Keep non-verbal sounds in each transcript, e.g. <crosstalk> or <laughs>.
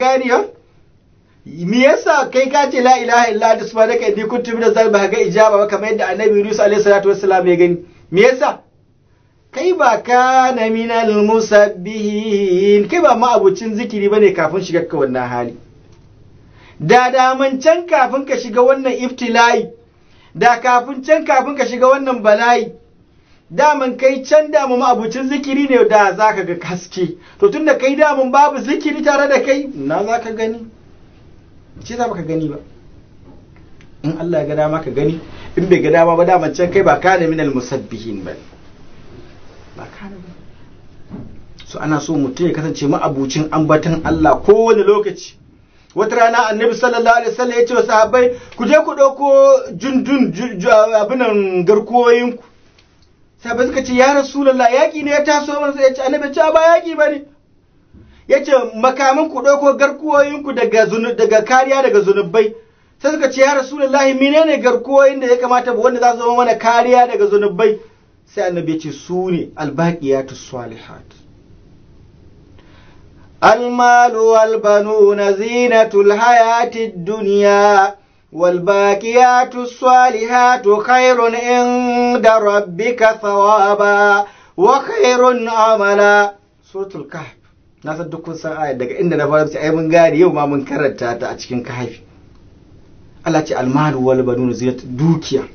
ganiya me yasa kai ka ce la ilaha illa anta subhanaka kun tafi da zalimin ga ijaba ba kamar yadda annabi Yunus alaihi salatu wassalam ya gani me yasa kai ba ka na minal musabbihin kai ba ma'abucin zikiri bane kafin shigar ka wannan hali da daman can kafin ka shiga wannan iftila'i da kafin can kafin ka shiga wannan bala'i daman kai can dama abincin zikiri ne da za ka ga haske to tun da kai daman babu zikiri tare da kai na za ka gani ce za ka gani ba in Allah ga dama ka gani in bai ga dama ba daman can kai ba ka min minal musabbihin ba ba ka da so ana so mutum ya kasance ma'abucin ambatan Allah kowane lokaci wata rana annabi sallallahu alaihi wasallam ya ce wa sahabbai ku je ku dauko jundun abinan garkuwoyinku ba suka ce ya rasulallah yaƙi ne ya taso mana sai ya ce annabi ce ba ne? bane yace makaman ku dauko garkuwoyin ku daga daga kariya daga zunubai sai suka ce ya mine ne garkuwoyin da ya kamata wanda za su zama mana kariya daga zunubai sai annabi ya ce su ne albaqiyatus salihat المال والبنون زينة الحياة الدنيا والباقيات الصالحات خير عند ربك ثوابا وخير عملا سورة الكهف na san duk kun san ayar daga inda na fara ai mun gane yau ma mun karanta ta a cikin kahfi Allah ce almalu wal banun zinat dukiya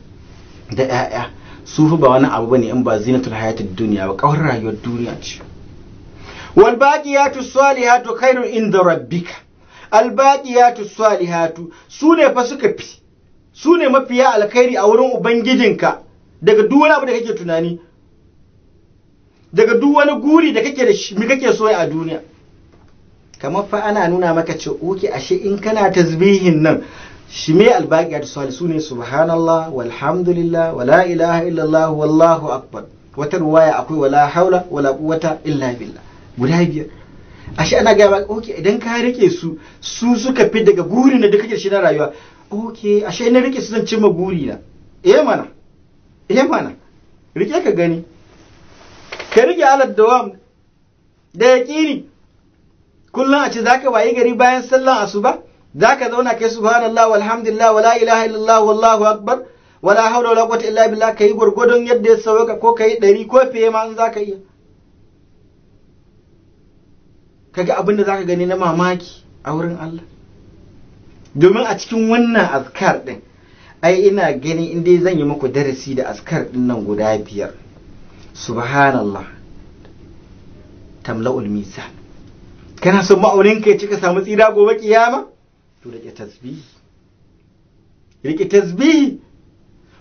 da 'ya'ya su fi ba wani abu bane in ba zinatul hayatid duniya ba kawar rayuwar duniya ce wal baqiyatu salihatu khairun inda rabbika albaqiyatu salihatu su ne fa suka fi su mafiya alkhairi a wurin ubangijinka daga duk wani abu da kake tunani daga duk wani guri da kake da shi kake so a duniya kamar fa ana nuna maka ce oke ashe in kana tasbihin nan shi me albaqiyatu salih su ne subhanallah walhamdulillah wala ilaha illallah wallahu akbar wata ruwaya akwai wala haula wala quwwata illa billah guda biyar ashe ana gaya maka okay idan ka rike su su suka fi daga burin da duka shi na rayuwa okay ashe ina rike su zan cimma guri na eh mana eh mana rike ka gani ka rike alad wam da yaqini kullum a ce zaka waye gari bayan sallan asuba zaka zauna kai subhanallah walhamdulillah wala ilaha illallah wallahu akbar wala hawla wala quwwata illa billah kai gurgudun yadda ya sauka ko kai ɗari ko fiye ma in zaka iya kaga abinda zaka za ka gani na mamaki a wurin Allah domin a cikin wannan azkar din ai ina gani in dai zan yi muku darasi da azkar din nan guda biyar subhanallah tamla'ul mizan kana son ma'aunin ka ya cika samu tsira gobe kiyama to rike tasbihi rike tasbihi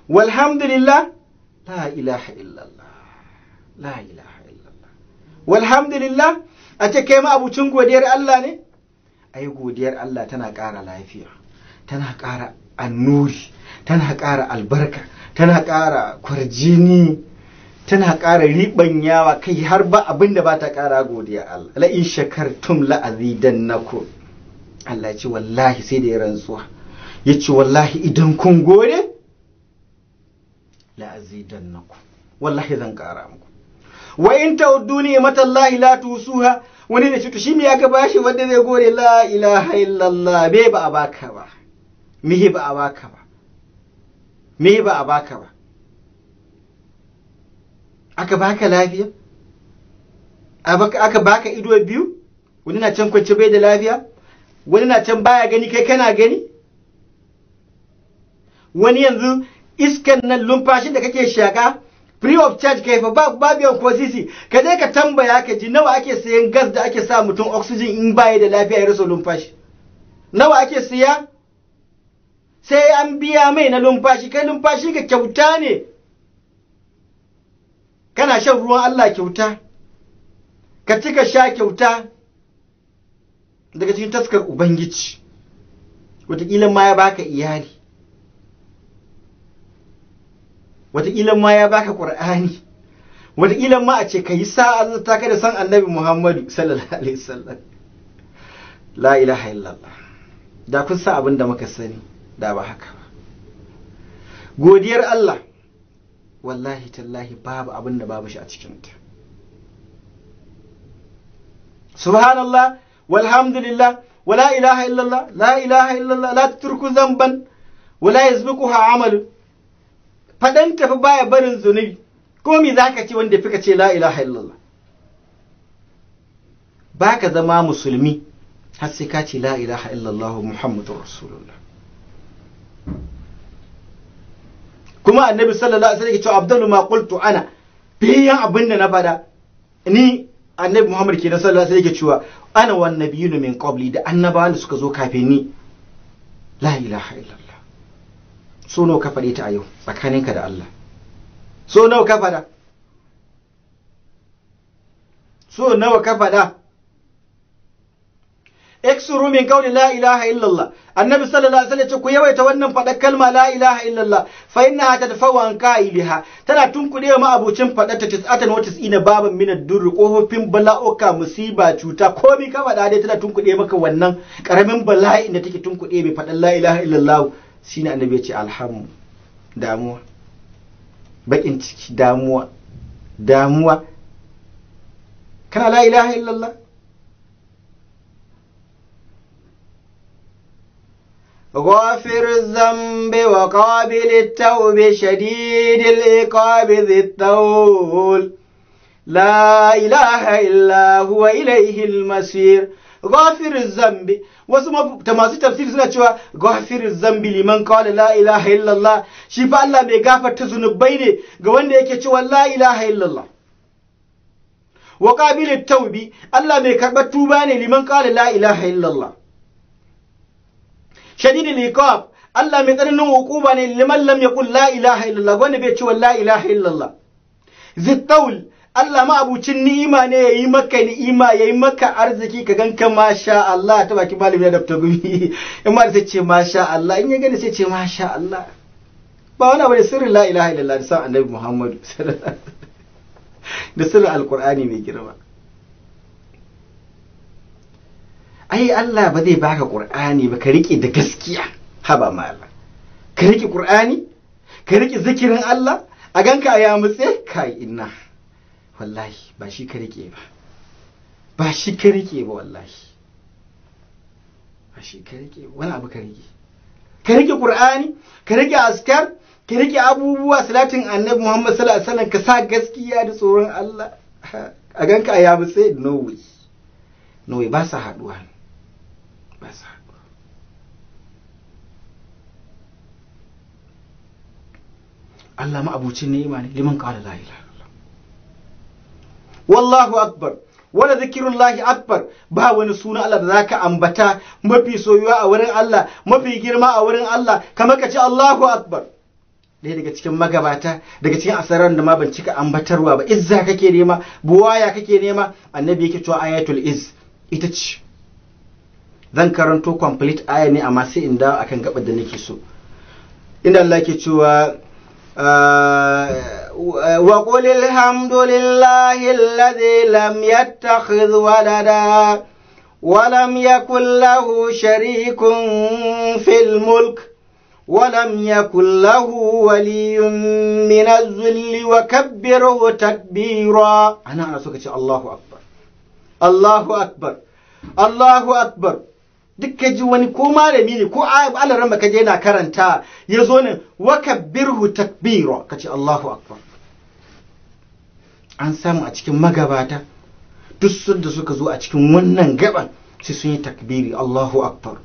walhamdulillah la ilaha illallah la ilaha illallah walhamdulillah a ce kai abucin godiyar Allah ne ai godiyar Allah tana ƙara lafiya tana ƙara annuri tana ƙara albarka tana ƙara kwarjini tana ƙara yawa kai har ba abin da ba ta ƙara godiya Allah la la’azi shakartum na ku. Allah ya ce wallahi sai da ya rantsuwa ya ce wallahi idan kun gode na ku. wallahi zan ƙara muku wa in ta'uddu ni'matallahi la tusuha wani da cutu shi me aka bashi wanda zai gore la ilaha illallah me ba a baka ba me ba a baka ba me ba a baka ba aka baka lafiya aka baka ido biyu wani na can kwance bai da lafiya wani na can baya gani kai kana gani wani yanzu iskan nan lumfashin da kake shaka free of charge kai fa ba biyan ko sisi ka je ka tambaya ka ji nawa ake sayan gas da ake sa mutum oxygen in baya da lafiya ya rasa lumfashi nawa ake siya sai an biya mai na numfashi kai lumfashi ka kyauta ne kana shan ruwan Allah kyauta ka cika sha kyauta daga cikin taskar ubangiji wataƙila ma ya baka iyali wataƙila ma ya baka ƙur'ani wataƙila ma a ce ka yi sa'a zata kada san annabi muhammadu sallallahu <laughs> alaihi sallam. la ilaha illallah da kun sa abin da muka sani da ba haka ba godiyar Allah wallahi tallahi babu abin da babu shi a cikinta subhanallah walhamdulillah wala ilaha illallah la ilaha illallah la turku zamban wala yasbiquha amalu faɗan tafi baya barin zunubi ko me za ka ce wanda fika ka ce la ilaha illallah ba ka zama musulmi har sai ka ce la ilaha illallah muhammadun rasulullah kuma annabi sallallahu alaihi wasallam ya ce abdul ma qultu ana biyan abin da na fada ni annabi muhammad kenan sallallahu alaihi wasallam ce cewa ana wan nabiyyu min qabli da annabawan da suka zo kafin ni la ilaha illallah so nawa ka faɗe ta a yau tsakaninka da Allah so nawa ka faɗa so nawa ka faɗa iksuru min qawli la ilaha illallah annabi sallallahu alaihi wasallam ce ku yawaita wannan faɗar kalma la ilaha illallah fa innaha tadfa'u an qa'iliha tana tunkuɗe ma abucin faɗar ta 99 baban min ad-durr kofofin bala'uka musiba cuta komai ka faɗa dai tana tunkuɗe maka wannan karamin bala'in da take tunkuɗe mai faɗar la ilaha illallah shi ne annabi ya ce alhamu damuwa bakin ciki damuwa damuwa kana la ilaha illallah غافر الذنب وقابل التوب شديد العقاب ذي الطول لا إله إلا هو إليه المصير ghafirin zambi wasu masu tafsiri suna cewa ghafirin zambi liman qala la ilaha illallah shi fa Allah mai gafarta zunubai ne ga wanda yake cewa la ilaha illallah wa qabilit taubi Allah mai karba tuba ne liman qala la ilaha illallah shadidul iqab Allah mai tsananin hukuma ne liman lam yaqul la ilaha illallah wanda bai cewa la ilaha illallah zittaul Allah ma abucin ni'ima ne ya yi maka ni'ima ya yi maka arziki ka ganka masha Allah ta baki malami ya dafta gumi <laughs> in ma sai ce masha Allah in ya gani sai ce masha Allah ba wani abu da sirrin la ilaha illallah da san annabi Muhammadu <laughs> da sirrin alqur'ani mai girma ai Allah ba zai baka Qur'ani ba ka rike da gaskiya ba mala ka rike Qur'ani ka rike zikirin Allah a ganka a yamutse kai inna wallahi ba shi ka rike ba ba shi ka rike ba wallahi ba shi ka rike wani abu ka rike ka rike qur'ani ka rike askar ka rike abubuwa salatin annabi muhammad sallallahu alaihi wasallam ka sa gaskiya da tsoron Allah <laughs> a ganka a yabu sai no way no way ba sa haduwa ba sa Allah ma abucin ni'ima ne liman qala la ilaha wallahu akbar wala zikirullahi akbar ba wani suna Allah da zaka ambata mafi soyuwa a wurin Allah mafi girma a wurin Allah kamar ka ce Allahu akbar ɗaya daga cikin magabata daga cikin asarar da ma ban cika ambatarwa ba izza kake nema buwaya kake nema annabi yake cewa ayatul iz ita ce zan karanto complete aya ne amma sai in dawo akan gaba da nake so inda Allah yake cewa ah, وقل الحمد لله الذي لم يتخذ ولدا ولم يكن له شريك في الملك ولم يكن له ولي من الذل وكبره تكبيرا أنا أنا سكت الله أكبر الله أكبر الله أكبر duk ka ji wani ko malami ne ko Allah ba ka je yana karanta ya zo ne wa kabbirhu takbira ka ce Allahu akbar an samu a cikin magabata duk sun da suka zo a cikin wannan gaban sai sun yi takbiri Allahu akbar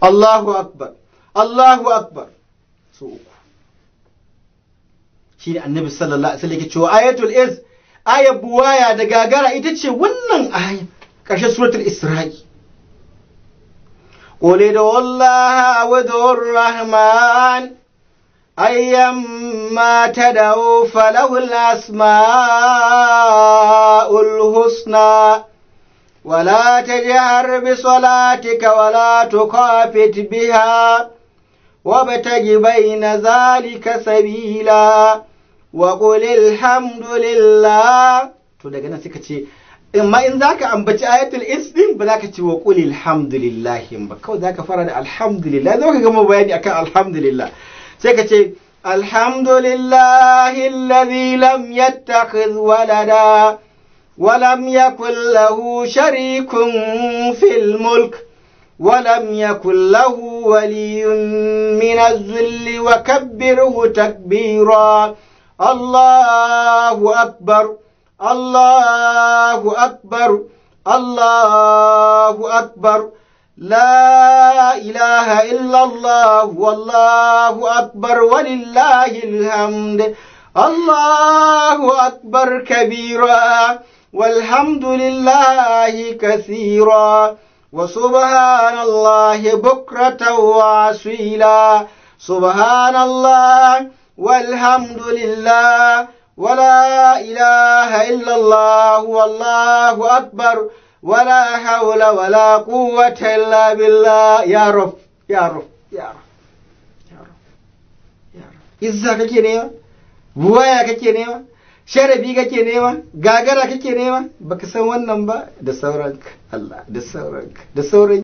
Allahu akbar Allahu akbar so uku shi da annabi sallallahu alaihi wasallam yake cewa ayatul iz ayat buwaya da gagara ita ce wannan aya ƙarshen suratul isra'i قل ادعوا الله وادعوا الرحمن أيما تدعوا فله الأسماء الحسنى ولا تجهر بصلاتك ولا تخافت بها وابتغ بين ذلك سبيلا وقل الحمد لله to daga nan suka amma in zaka ambaci ayatul ins din ba zaka ce wa qul alhamdulillahi ba kawai zaka fara da alhamdulillah zaka ka gama bayani akan alhamdulillah sai ka ce alhamdulillahi alladhi lam yattakhiz dada, wa lam kulla lahu sharikun fil mulk wa lam yakul lahu waliyyun min az-zill wa takbira allahu akbar الله أكبر الله أكبر لا إله إلا الله والله أكبر ولله الحمد الله أكبر كبيرا والحمد لله كثيرا وسبحان الله بكرة وعسيلا سبحان الله والحمد لله ولا إله إلا الله والله أكبر ولا حول ولا قوة إلا بالله يا رب يا رب يا رب izza kake nema buwaya kake nema sharabi kake nema gagara kake nema baka san wannan ba da sauranka Allah da sauranka da sauran